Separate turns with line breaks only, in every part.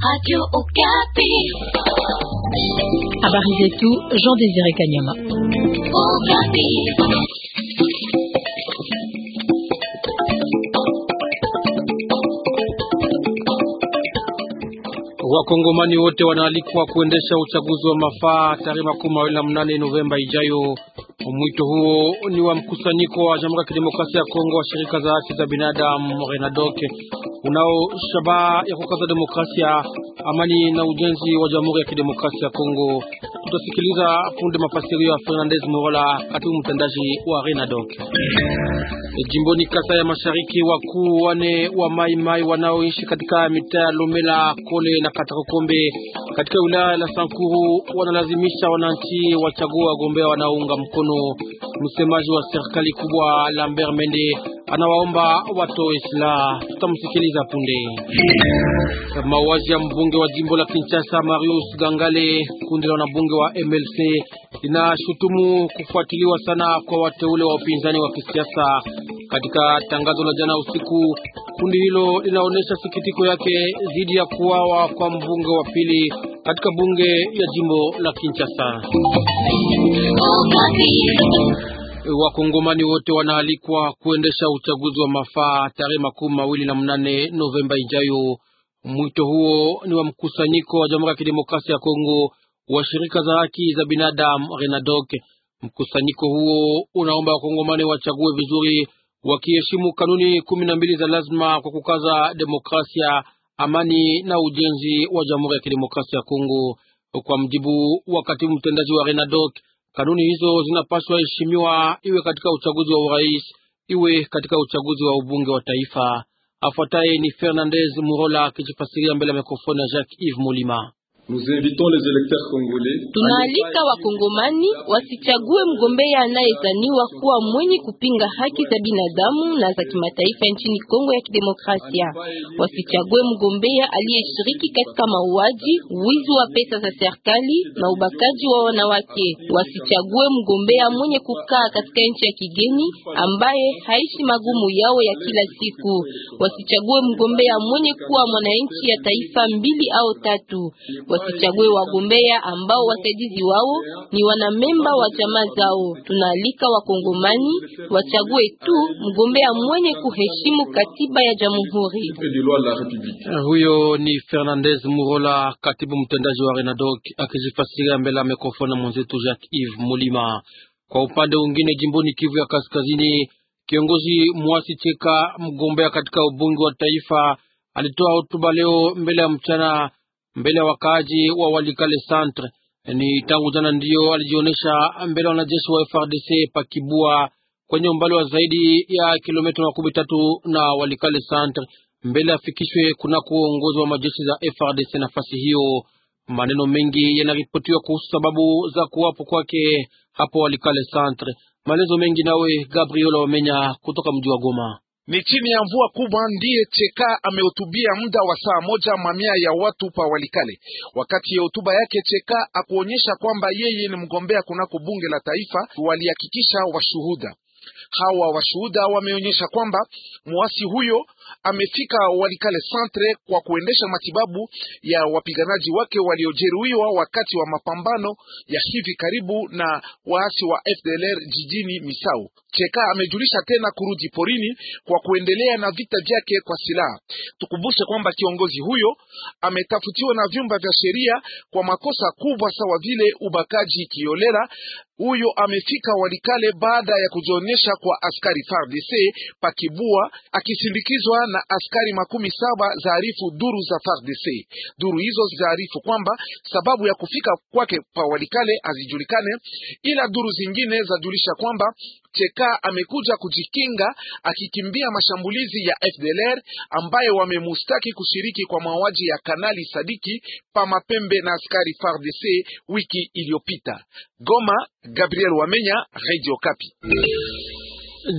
Habari zetu Jean Désiré Kanyama.
Wakongomani wote wanaalikwa kuendesha uchaguzi wa mafaa tarehe makumi mawili na mnane Novemba ijayo. Mwito huo ni wa mkusanyiko wa Jamhuri ya Kidemokrasia ya Kongo wa shirika za haki za binadamu Renadoc unao shabaha ya kukaza demokrasia, amani na ujenzi wa Jamhuri ya Kidemokrasia ya Kongo. Tutasikiliza punde mafasirio ya Fernandez Morola, katibu mtendaji wa Renadonc. E, jimboni Kasa ya Mashariki, wakuu wane wa maimai wanaoishi katika mitaa ya Lomela, Kole na Katakokombe katika wilaya la Sankuru wanalazimisha wananchi wachague wagombea wanaounga mkono. Msemaji wa serikali kubwa Lambert Mende anawaomba watoe silaha. Tutamsikiliza punde. Mauaji ya mbunge wa jimbo la Kinshasa Marius Gangale, kundi la wanabunge wa MLC linashutumu kufuatiliwa sana kwa wateule wa upinzani wa kisiasa. Katika tangazo la jana usiku, kundi hilo linaonyesha sikitiko yake dhidi ya kuwawa kwa mbunge wa pili katika bunge ya jimbo la Kinshasa.
Oh,
Wakongomani wote wanaalikwa kuendesha uchaguzi wa mafaa tarehe makumi mawili na mnane Novemba ijayo. Mwito huo ni wa mkusanyiko wa Jamhuri ya Kidemokrasia ya Kongo wa shirika za haki za binadamu Renadoc. Mkusanyiko huo unaomba wakongomani wachague vizuri, wakiheshimu kanuni kumi na mbili za lazima kwa kukaza demokrasia, amani na ujenzi wa Jamhuri ya Kidemokrasia ya Kongo. Kwa mjibu wa katibu mtendaji wa Renadoc, Kanuni hizo zinapaswa heshimiwa, iwe katika uchaguzi wa urais, iwe katika uchaguzi wa ubunge wa taifa. Afuataye ni Fernandez Murola akijifasiria mbele ya mikrofoni ya Jacques Yves Mulima. Tunaalika
wakongomani wasichague mgombea anayezaniwa kuwa mwenye kupinga haki za binadamu na za kimataifa nchini Kongo ya Kidemokrasia. Wasichague mgombea aliyeshiriki katika mauaji, wizi wa pesa za serikali na ubakaji wa wanawake. Wasichague mgombea mwenye kukaa katika nchi ya kigeni ambaye haishi magumu yao ya kila siku. Wasichague mgombea mwenye kuwa mwananchi ya taifa mbili au tatu wasichague wagombea ambao wasaidizi wao ni wanamemba wa chama zao. Tunaalika wakongomani wachague tu mgombea mwenye kuheshimu katiba ya jamhuri.
Eh, huyo ni Fernandez Murola, katibu mtendaji wa Renadoc, akizifasiria mbele ya mikrofoni mwenzetu Jacques Yves Mulima. Kwa upande mwingine, jimboni Kivu ya Kaskazini, kiongozi Mwasi Cheka, mgombea katika ubunge wa taifa, alitoa hotuba leo mbele ya mchana mbele ya wakaaji wa Walikale Centre. Ni tangu jana ndiyo alijionyesha mbele wanajeshi wa FRDC pakibua kwenye umbali wa zaidi ya kilomita makumi tatu na Walikale Centre, mbele afikishwe kunako uongozi wa majeshi za FRDC. Nafasi hiyo maneno mengi yanaripotiwa kuhusu sababu za kuwapo kwake hapo Walikale Centre. Maelezo mengi nawe Gabriel Wamenya kutoka mji wa Goma.
Ni chini ya mvua kubwa ndiye Cheka amehutubia muda wa saa moja mamia ya watu pa Walikale. Wakati ya hotuba yake, Cheka akuonyesha kwamba yeye ni mgombea kunako bunge la taifa. Walihakikisha washuhuda hawa, washuhuda wameonyesha kwamba mwasi huyo amefika Walikale Centre kwa kuendesha matibabu ya wapiganaji wake waliojeruhiwa wakati wa mapambano ya hivi karibu na waasi wa FDLR jijini Misau. Cheka amejulisha tena kurudi porini kwa kuendelea na vita vyake kwa silaha. Tukumbushe kwamba kiongozi huyo ametafutiwa na vyumba vya sheria kwa makosa kubwa sawa vile ubakaji kiolela. Huyo amefika Walikale baada ya kujionyesha kwa askari FARDC pakibua akisindikizwa akiwa na askari makumi saba zaarifu duru za FARDC. Duru hizo zaarifu kwamba sababu ya kufika kwake Walikale hazijulikane, ila duru zingine zajulisha kwamba Cheka amekuja kujikinga akikimbia mashambulizi ya FDLR ambaye wamemustaki kushiriki kwa mauaji ya Kanali Sadiki pa Mapembe na askari FARDC wiki iliyopita. Goma, Gabriel Wamenya, Radio Kapi.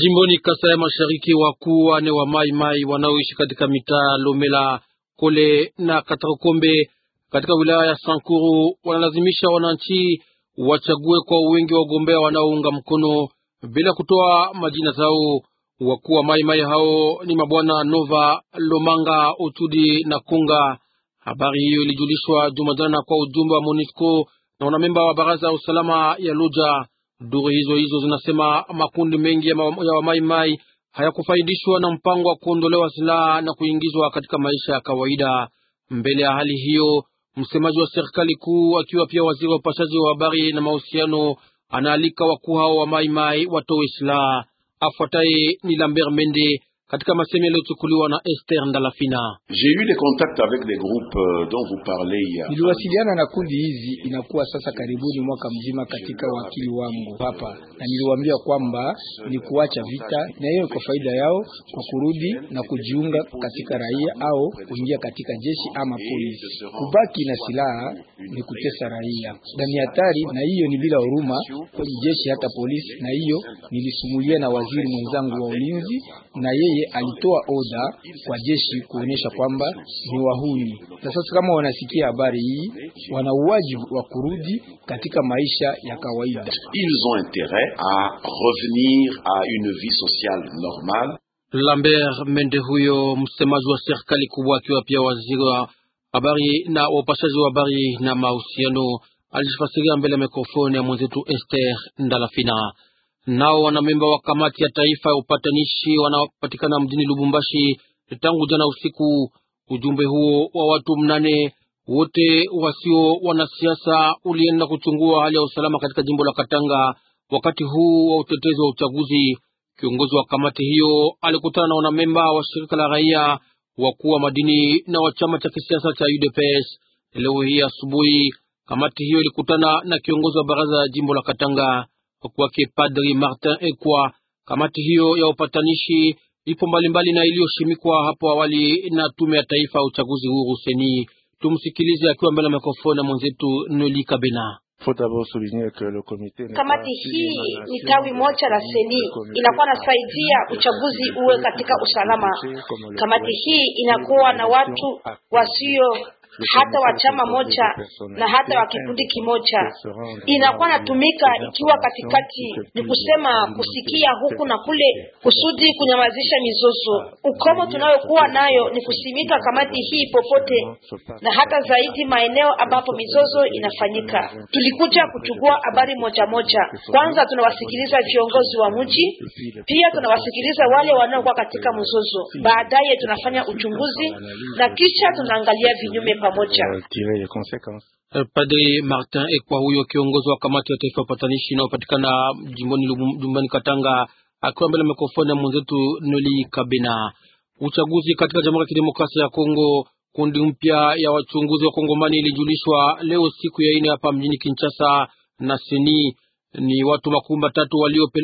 Jimboni Kasa ya Mashariki, wakuu wane wa maimai wanaoishi katika mitaa Lomela, Kole na Katakombe katika wilaya ya Sankuru wanalazimisha wananchi wachague kwa wingi wa ugombea wanaounga mkono bila kutoa majina zao. Wakuu wa maimai hao ni mabwana Nova Lomanga, Otudi na Kunga. Habari hiyo ilijulishwa Jumajana kwa ujumbe wa MONUSCO na wanamemba wa baraza ya usalama ya Luja. Duru hizo hizo zinasema makundi mengi ya wamaimai hayakufaidishwa na mpango wa kuondolewa silaha na kuingizwa katika maisha ya kawaida. Mbele ya hali hiyo, msemaji wa serikali kuu akiwa pia waziri wa upashaji wa habari na mahusiano anaalika wakuu hao wa maimai watoe silaha. Afuataye ni Lambert Mende katika masemi yaliyochukuliwa na Esther Ndalafina.
J'ai eu des contacts avec des groupes euh, dont vous parlez hier. Niliwasiliana
na kundi hizi inakuwa sasa karibuni mwaka mzima katika wakili wangu hapa, na niliwaambia kwamba ni kuacha vita na hiyo kwa faida yao kwa kurudi na kujiunga katika raia au kuingia katika jeshi ama polisi. Kubaki na silaha ni kutesa raia na ni hatari, na hiyo ni bila huruma kwenye jeshi hata polisi, na hiyo nilisumulia na waziri mwenzangu wa ulinzi na yeye yeye alitoa oda kwa jeshi kuonyesha kwamba ni wahuni. Na sasa kama wanasikia habari hii, wana uwajibu wa kurudi katika maisha ya kawaida.
Ils ont intérêt à revenir à une vie sociale normale.
Lambert Mende, huyo msemaji wa serikali kubwa, akiwa pia waziri wa habari na wapashaji wa habari na mahusiano, alifasiria mbele ya mikrofoni ya mwenzetu Esther Ndalafina. Nao wanamemba wa kamati ya taifa ya upatanishi wanaopatikana mjini Lubumbashi tangu jana usiku. Ujumbe huo wa watu mnane wote wasio wanasiasa ulienda kuchungua hali ya usalama katika jimbo la Katanga wakati huu wa utetezi wa uchaguzi. Kiongozi wa kamati hiyo alikutana na wanamemba wa shirika la raia, wakuu wa madini na wa chama cha kisiasa cha UDPS. Leo hii asubuhi kamati hiyo ilikutana na kiongozi wa baraza ya jimbo la Katanga kwake Padri Martin Ekwa. Kamati hiyo ya upatanishi ipo mbalimbali na iliyoshimikwa hapo awali na tume ya taifa ya uchaguzi huru seni. Tumsikilize akiwa mbele ya mikrofoni na mwenzetu Noli Kabena.
Kamati hii ni tawi moja la seni, inakuwa nasaidia uchaguzi uwe katika usalama. Kamati hii inakuwa na watu wasio hata wa chama moja na hata wa kikundi kimoja inakuwa natumika ikiwa katikati, ni kusema kusikia huku na kule, kusudi kunyamazisha mizozo. Ukomo tunayokuwa nayo ni kusimika kamati hii popote na hata zaidi maeneo ambapo mizozo inafanyika. Tulikuja kuchukua habari moja moja. Kwanza tunawasikiliza viongozi wa mji, pia tunawasikiliza wale wanaokuwa katika mzozo, baadaye tunafanya uchunguzi na kisha tunaangalia vinyume pamoja
uh, consequences.
Euh, Martin Ekwa, huyo kiongozi wa kamati ya taifa patanishi inayopatikana jimboni Lumbani Katanga, akiwa mbele mikrofoni ya mwenzetu Noli Kabina. Uchaguzi katika Jamhuri ya Kidemokrasia ya Kongo, kundi mpya ya wachunguzi wa Kongomani ilijulishwa leo siku ya ine hapa mjini Kinshasa na Seni. Ni watu makumi matatu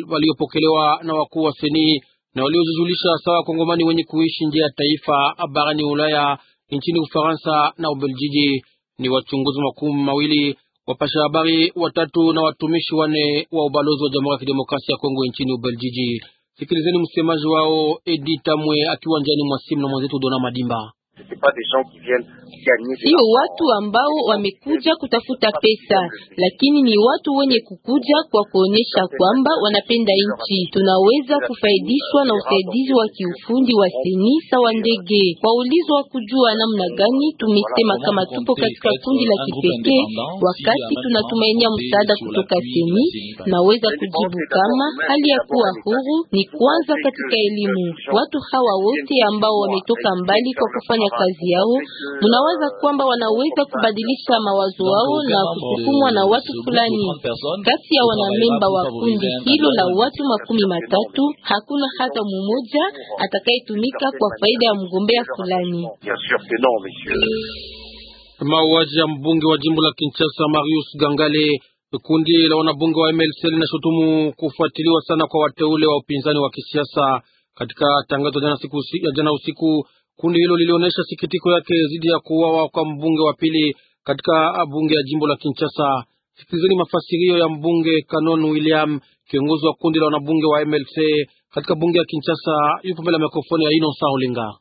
waliopokelewa walio na wakuu wa Seni na waliojijulisha sawa Kongomani wenye kuishi nje ya taifa barani Ulaya nchini Ufaransa na Ubeljiji ni wachunguzi makumi mawili, wapasha habari watatu na watumishi wane wa ubalozi wa Jamhuri ya Kidemokrasia ya Kongo nchini Ubeljiji. Sikilizeni msemaji wao Edi Tamwe akiwa njani mwa simu na mwenzetu Dona Madimba.
Sio
watu ambao wamekuja kutafuta pesa, lakini ni watu wenye kukuja kwa kuonyesha kwamba wanapenda nchi. Tunaweza kufaidishwa na usaidizi wa kiufundi wa seni sawa ndege. Waulizwa kujua namna gani, tumesema kama tupo katika kundi la kipekee, wakati tunatumainia msaada kutoka seni. Naweza kujibu kama hali ya kuwa huru ni kwanza katika elimu. Watu hawa wote ambao wametoka mbali kwa kufanya kufanya kazi yao, munawaza kwamba wanaweza kubadilisha mawazo wao na kusukumwa na euh, watu fulani. Kati ya wanamemba wa kundi hilo la watu makumi matatu, hakuna hata mmoja atakayetumika kwa faida ya mgombea fulani.
Mauaji ya mbunge wa jimbo la Kinshasa Marius Gangale. Kundi la wanabunge wa MLC linashutumu kufuatiliwa sana kwa wateule wa upinzani wa kisiasa. Katika tangazo ya jana usiku Kundi hilo lilionyesha sikitiko yake dhidi ya kuuawa kwa mbunge wa pili katika bunge ya jimbo la Kinshasa. Sikilizeni mafasirio ya mbunge Canon William, kiongozi wa kundi la wanabunge wa MLC katika bunge ya Kinshasa. Yupo mbele ya mikrofoni ya ino saolinga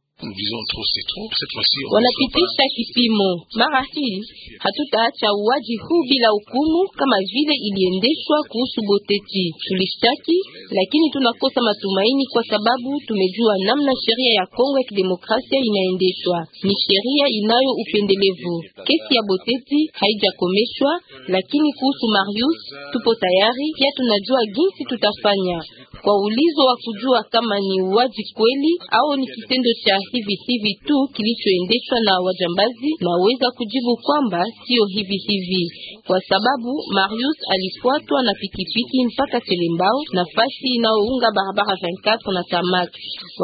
wanapitisha
kipimo. Mara hii hatutaacha uwaji huu bila hukumu, kama vile iliendeshwa kuhusu Boteti. Tulishtaki, lakini tunakosa matumaini, kwa sababu tumejua namna sheria ya Kongo ya Kidemokrasia inaendeshwa. Ni sheria inayo upendelevu. Kesi ya Boteti haijakomeshwa, lakini kuhusu Marius tupo tayari, pia tunajua jinsi tutafanya, kwa ulizo wa kujua kama ni uwaji kweli au ni kitendo cha hivi hivi tu kilichoendeshwa na wajambazi, naweza kujibu kwamba sio hivi hivi, kwa sababu Marius alifuatwa na pikipiki mpaka Telembao, nafasi inaounga barabara 24 na Tamak.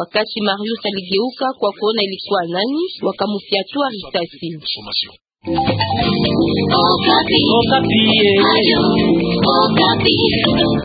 Wakati Marius aligeuka kwa kuona ilikuwa nani, wakamfiatua risasi.
Okapi. Okapi.